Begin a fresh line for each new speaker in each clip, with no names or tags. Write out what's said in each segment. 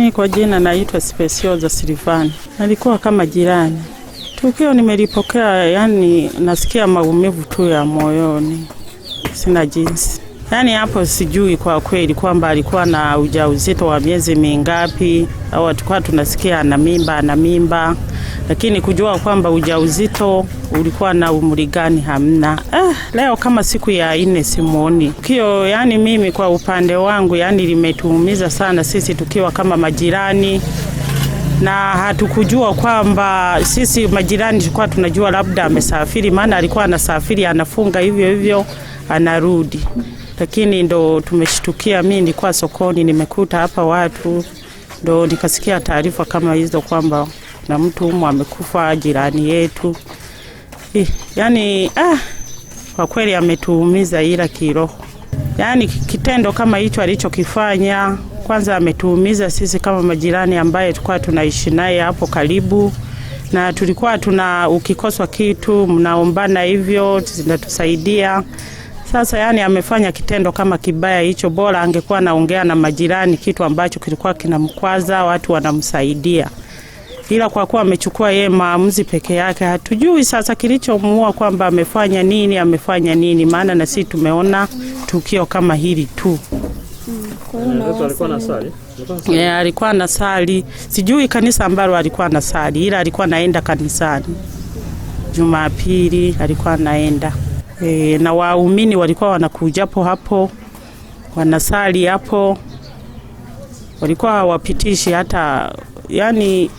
Mi kwa jina naitwa Specioza Silvana, nalikuwa kama jirani. Tukio nimelipokea, yani nasikia maumivu tu ya moyoni, sina jinsi. Yaani hapo sijui kwa kweli kwamba alikuwa na ujauzito wa miezi mingapi, au atakuwa tunasikia ana mimba, ana mimba lakini kujua kwamba ujauzito ulikuwa na umri gani hamna. Ah, leo kama siku ya ine simuoni kio. Yani mimi kwa upande wangu, yani limetuumiza sana sisi tukiwa kama majirani na hatukujua kwamba sisi majirani tulikuwa tunajua labda amesafiri, maana alikuwa anasafiri anafunga hivyo hivyo anarudi, lakini ndo tumeshtukia. Mi nilikuwa sokoni nimekuta hapa watu, ndo nikasikia taarifa kama hizo kwamba na mtu umu amekufa jirani yetu. Yani ah, kwa kweli ametuumiza ila kiroho. Yani kitendo kama hicho alichokifanya, kwanza ametuumiza sisi kama majirani ambaye tulikuwa tunaishi naye hapo karibu, na tulikuwa tuna ukikoswa kitu mnaombana hivyo zinatusaidia. Sasa yani amefanya kitendo kama kibaya hicho, bora angekuwa anaongea na majirani, kitu ambacho kilikuwa kinamkwaza, watu wanamsaidia ila kwa kuwa amechukua yeye maamuzi peke yake, hatujui sasa kilichomuua kwamba amefanya nini, amefanya nini, maana na sisi tumeona tukio kama hili tu. Yeah, alikuwa na sali, sijui kanisa ambalo alikuwa na sali, ila alikuwa naenda kanisani Jumapili alikuwa naenda e, na waumini walikuwa wanakujapo hapo wanasali hapo, walikuwa hawapitishi hata yani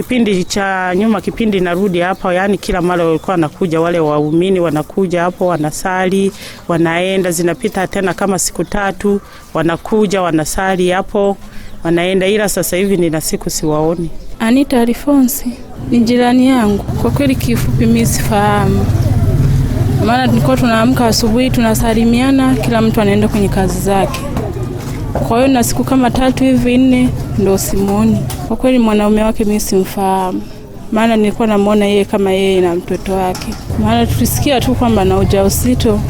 Kipindi cha nyuma, kipindi narudi hapa, yani kila mara walikuwa wanakuja wale waumini, wanakuja hapo wanasali, wanaenda, zinapita tena kama siku tatu, wanakuja wanasali hapo wanaenda, ila sasa hivi nina siku siwaoni.
Anita Alfonsi ni jirani yangu kwa kweli, kifupi mimi sifahamu, maana tulikuwa tunaamka asubuhi tunasalimiana, kila mtu anaenda kwenye kazi zake. Kwa hiyo na siku kama tatu hivi nne ndio simuoni. Kwa kweli mwanaume wake mimi simfahamu, maana nilikuwa namwona yeye kama yeye na mtoto wake, maana tulisikia tu kwamba na ujauzito.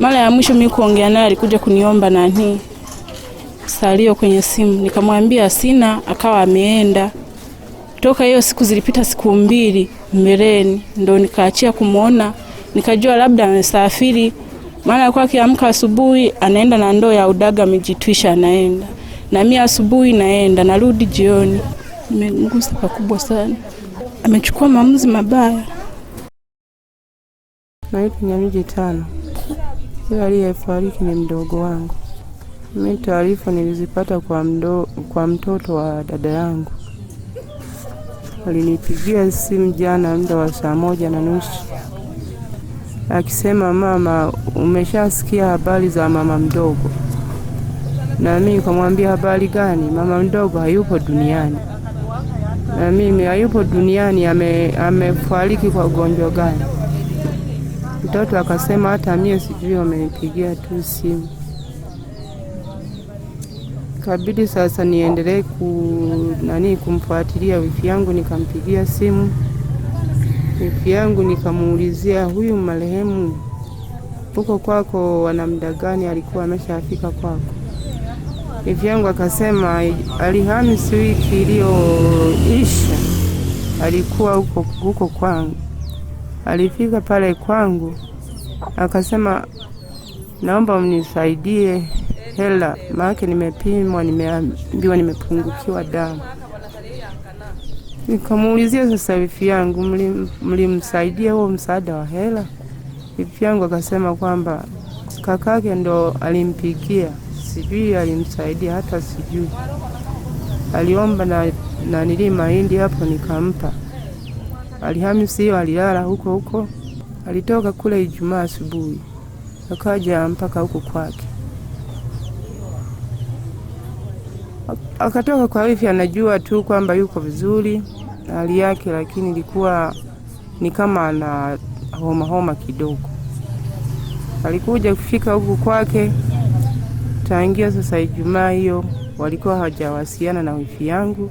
Mara ya mwisho mimi kuongea naye alikuja kuniomba nani salio kwenye simu, nikamwambia sina, akawa ameenda. Toka hiyo siku zilipita siku mbili mbeleni, ndo nikaachia kumwona, nikajua labda amesafiri, maana alikuwa akiamka asubuhi anaenda na ndoo ya udaga mijitwisha anaenda na mimi asubuhi naenda narudi jioni. Nimegusa pakubwa sana, amechukua maamuzi mabaya.
Naitwa Nyamiji tano. Yule aliyefariki ni mdogo wangu. Mimi taarifa nilizipata kwa, mdo, kwa mtoto wa dada yangu alinipigia simu jana muda wa saa moja na nusu akisema, mama, umeshasikia habari za mama mdogo? na mimi nikamwambia habari gani, mama mdogo hayupo duniani, na mimi hayupo duniani, amefariki ame kwa ugonjwa gani? Mtoto akasema hata mie sijui, wamenipigia tu simu. Kabidi sasa niendelee ku nani kumfuatilia wifi yangu, nikampigia simu wifi yangu nikamuulizia, huyu marehemu huko kwako wana muda gani? Alikuwa ameshafika kwako? yangu akasema Alhamisi wiki iliyoisha alikuwa huko huko kwangu, alifika pale kwangu akasema, naomba mnisaidie hela, maana nimepimwa, nimeambiwa nimepungukiwa damu. Nikamuulizia sasa, bibi yangu, mlimsaidia huo msaada wa hela? Bibi yangu akasema kwamba kakake ndo alimpikia sijui alimsaidia hata sijui, aliomba na nanili mahindi hapo nikampa. Alihamisi hiyo alilala huko huko, alitoka kule Ijumaa asubuhi akaja mpaka huko kwake, akatoka kwa wifi. Anajua tu kwamba yuko vizuri hali yake, lakini ilikuwa ni kama ana homa homa kidogo. Alikuja kufika huku kwake tangia sasa Ijumaa hiyo walikuwa hawajawasiliana na wifi yangu,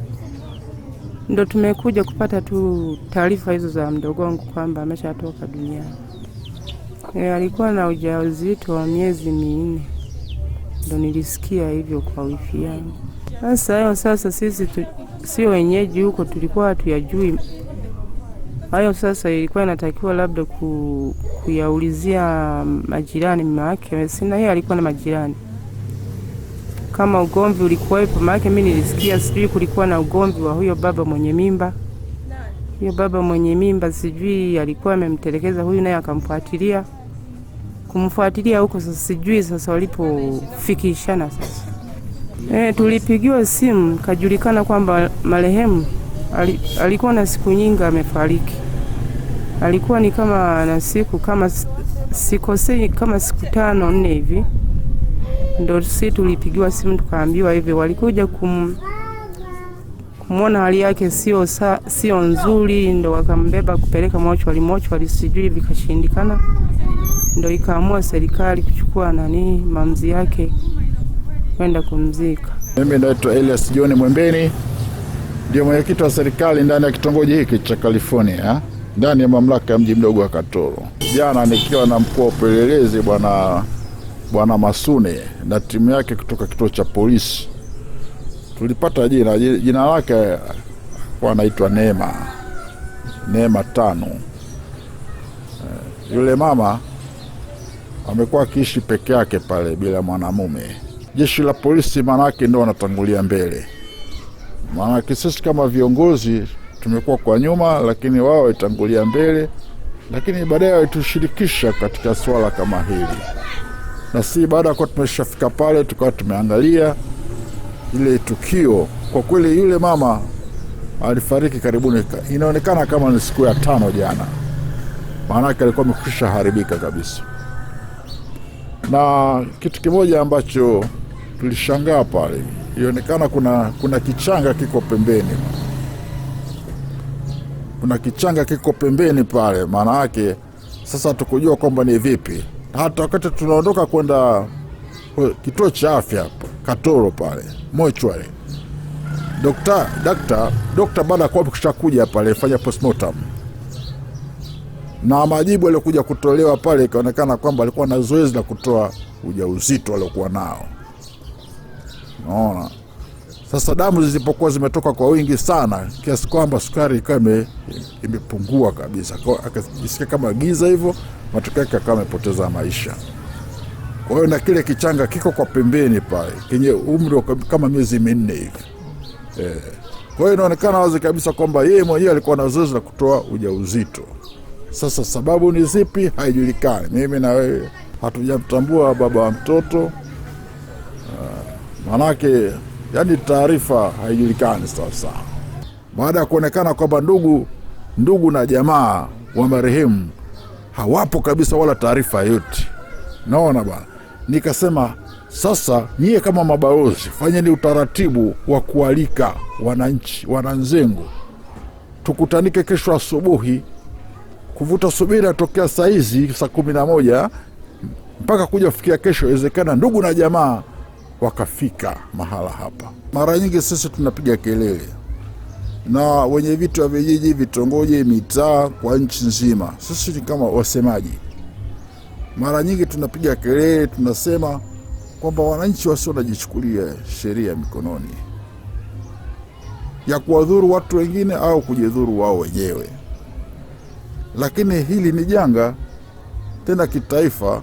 ndo tumekuja kupata tu taarifa hizo za mdogo wangu kwamba ameshatoka duniani. E, alikuwa na ujauzito wa miezi minne, ndo nilisikia hivyo kwa wifi yangu. Sasa hayo sasa, sisi sio wenyeji huko, tulikuwa hatuyajui hayo. Sasa ilikuwa inatakiwa labda ku, kuyaulizia majirani, mama yake sina, yeye alikuwa na majirani kama ugomvi ulikuwepo, maana mimi nilisikia, sijui kulikuwa na ugomvi wa huyo baba mwenye mimba. Huyo baba mwenye mimba sijui alikuwa amemtelekeza huyu, naye akamfuatilia kumfuatilia huko, sasa sijui sasa walipofikishana sasa. E, tulipigiwa simu kajulikana kwamba marehemu alikuwa na siku nyingi amefariki. Alikuwa ni kama na siku kama sikosei, kama siku tano nne hivi ndo si tulipigiwa simu tukaambiwa hivyo, walikuja kum kumwona hali yake sio sio nzuri, ndo wakambeba kupeleka mochwali. Mochwali sijui vikashindikana, ndo ikaamua serikali kuchukua nani mamzi yake kwenda kumzika.
Mimi naitwa Elias John Mwembeni, ndio mwenyekiti wa serikali ndani ya kitongoji hiki cha California ndani ya mamlaka ya mji mdogo wa Katoro. Jana nikiwa na mkuu wa upelelezi bwana Bwana Masune na timu yake kutoka kituo cha polisi. Tulipata jina jina lake kwa anaitwa Neema, Neema tano. Eh, yule mama amekuwa akiishi peke yake pale bila mwanamume. Jeshi la polisi maanake ndio wanatangulia mbele, maanake sisi kama viongozi tumekuwa kwa nyuma, lakini wao waitangulia mbele, lakini baadaye watushirikisha katika swala kama hili na si baada ya kuwa tumeshafika pale, tukawa tumeangalia ile tukio. Kwa kweli yule mama alifariki karibuni, inaonekana kama ni siku ya tano jana, maanake alikuwa amekwisha haribika kabisa. Na kitu kimoja ambacho tulishangaa pale, ionekana kuna, kuna kichanga kiko pembeni, kuna kichanga kiko pembeni pale, maana yake sasa tukujua kwamba ni vipi hata wakati tunaondoka kwenda kituo cha afya hapa Katoro pale mochwari, dokta dakta dokta baada ya kuapisha kuja pale fanya postmortem na majibu aliokuja kutolewa pale, ikaonekana kwamba alikuwa na zoezi la kutoa ujauzito aliokuwa nao, naona sasa damu zilipokuwa zimetoka kwa wingi sana kiasi kwamba sukari ikawa imepungua kabisa, akajisikia kama giza hivyo, matokeo yake akawa amepoteza maisha. Kwa hiyo na kile kichanga kiko kwa pembeni pale kenye umri kama miezi minne hivi eh. Kwa hiyo inaonekana wazi kabisa kwamba yeye mwenyewe alikuwa na zoezi la kutoa ujauzito. Sasa sababu ni zipi haijulikani, mimi na wewe hatujamtambua baba wa mtoto uh, ah, manake yaani taarifa haijulikani sasa. Baada ya kuonekana kwamba ndugu ndugu na jamaa wa marehemu hawapo kabisa, wala taarifa yoyote. Naona bwana, nikasema sasa nyie kama mabalozi fanyeni utaratibu wa kualika wananchi, wananzengo, tukutanike kesho asubuhi kuvuta subira tokea saa hizi saa kumi na moja mpaka kuja kufikia kesho, iwezekana ndugu na jamaa wakafika mahala hapa. Mara nyingi sisi tunapiga kelele na wenye vitu ya vijiji, vitongoji, mitaa kwa nchi nzima, sisi ni kama wasemaji. Mara nyingi tunapiga kelele, tunasema kwamba wananchi wasio wanajichukulia sheria mikononi ya kuwadhuru watu wengine au kujidhuru wao wenyewe, lakini hili ni janga tena kitaifa,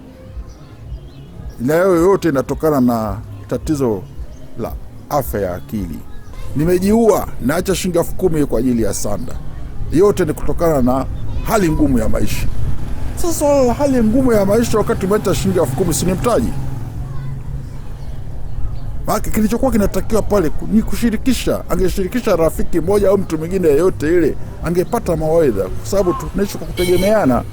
na yoyote inatokana na tatizo la afya ya akili. Nimejiua, naacha shilingi elfu kumi kwa ajili ya sanda. Yote ni kutokana na hali ngumu ya maisha. Sasa hali ngumu ya maisha, wakati umeacha shilingi elfu kumi si ni mtaji? Maake kilichokuwa kinatakiwa pale ni kushirikisha. Angeshirikisha rafiki mmoja au mtu mwingine yeyote ile, angepata mawaidha, kwa sababu tunaishi kwa kutegemeana.